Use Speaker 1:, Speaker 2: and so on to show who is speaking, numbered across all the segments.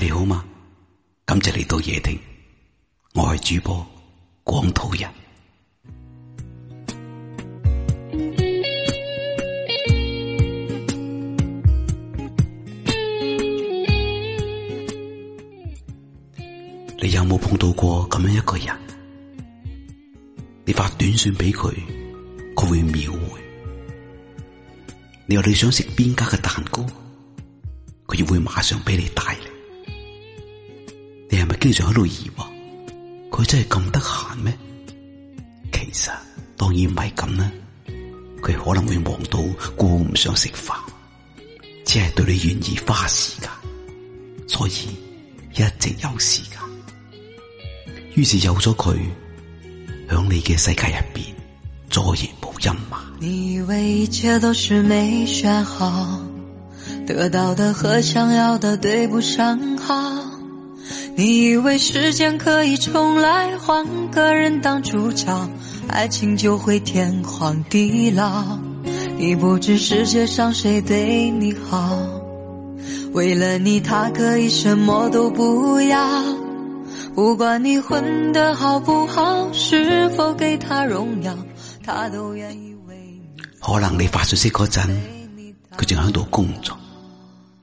Speaker 1: 你好嗎？感謝嚟到夜聽，我係主播廣土人。你有冇碰到過咁樣一個人？你發短信俾佢，佢會秒回。你話你想食邊家嘅蛋糕，佢亦會馬上俾你帶。經常喺度疑惑，佢真係咁得閒咩？其實當然唔係咁啦，佢可能會忙到顧唔上食飯，只係對你願意花時間，所以一直有時間。於是有咗佢，響你嘅世界入邊，再冇陰霾。你
Speaker 2: 以為一切都是沒選好，得到的和想要的對不上號。你以為時間可以重來換個人當主角，愛情就會天荒地老？你不知世界上誰對你好，為了你他可以什麼都不要，不管你混得好不好，是否給他榮耀，他都願意為你。
Speaker 1: 可能你發信息嗰陣，佢正喺度工作，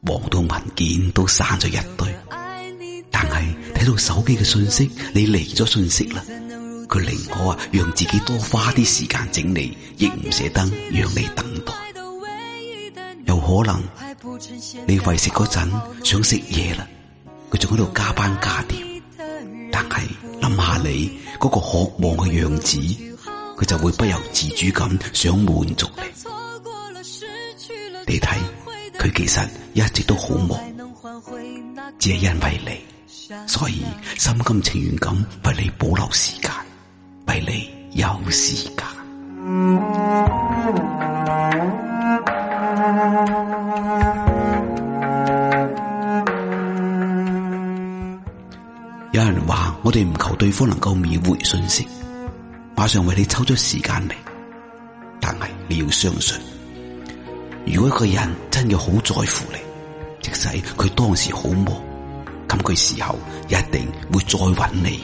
Speaker 1: 忙到文件都散咗一堆。喺度手機嘅信息，你嚟咗信息啦，佢寧可啊，讓自己多花啲時間整理，亦唔捨得讓你等待。有可能你喂食嗰陣想食嘢啦，佢仲喺度加班加點，但係諗下你嗰個渴望嘅樣子，佢就會不由自主咁想滿足你。你睇，佢其實一直都好忙。只係因為你，所以心甘情願咁為你保留時間，為你有時間。 有人話我哋唔求對方能夠秒回信息，馬上為你抽出時間嚟，但係你要相信，如果一個人真嘅好在乎你，即使佢當時好忙。佢時候一定會再揾你，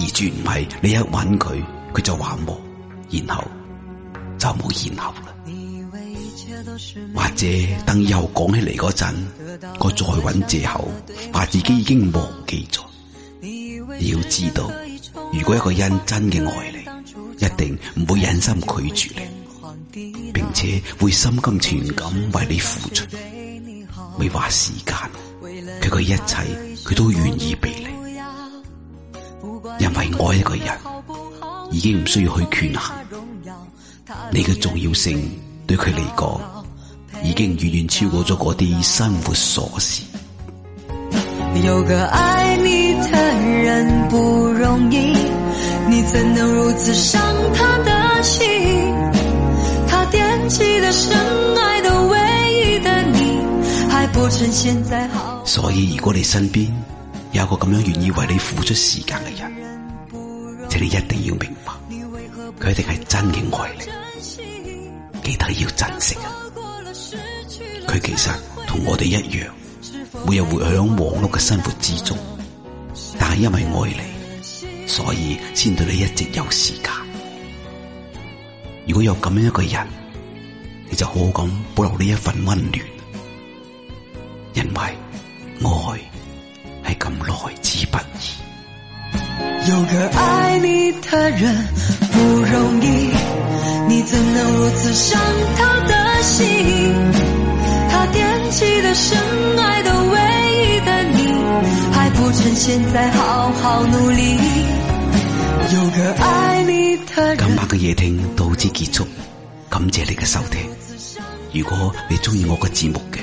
Speaker 1: 而絕唔係你一揾佢，佢就話冇，然後就冇然後啦。或者等以後講起嚟嗰陣，我再揾借口，話自己已經忘記咗。你要知道，如果一個人真嘅愛你，一定唔會忍心拒絕你，並且會心甘情願咁為你付出，未話時間。佢一切，佢都願意俾你，因為愛一個人已經唔需要去權衡，你嘅重要性對佢嚟講已經遠遠超過咗嗰啲生活瑣事。
Speaker 2: 你有個愛你的人不容易，你怎能如此傷他的心？他惦記的深愛的唯一的你，還不趁現在好。
Speaker 1: 所以，如果你身邊有個咁樣願意為你付出時間嘅人，請你一定要明白，佢一定係真嘅愛你，記得你要珍惜啊！佢其實同我哋一樣，每日活響忙碌嘅生活之中，但係因為愛你，所以先對你一直有時間。如果有咁樣一個人，你就好好咁保留呢一份溫暖，因為。愛係咁來之不易。有個愛
Speaker 2: 你的人不容易，你怎能如此傷透的心？他惦記的深愛的唯一的你，還不趁現在好好努力，有個愛你的
Speaker 1: 人。今晚嘅夜聽到此結束，感謝你嘅收聽。如果你中意我嘅節目嘅，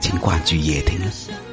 Speaker 1: 請關注夜聽啦、啊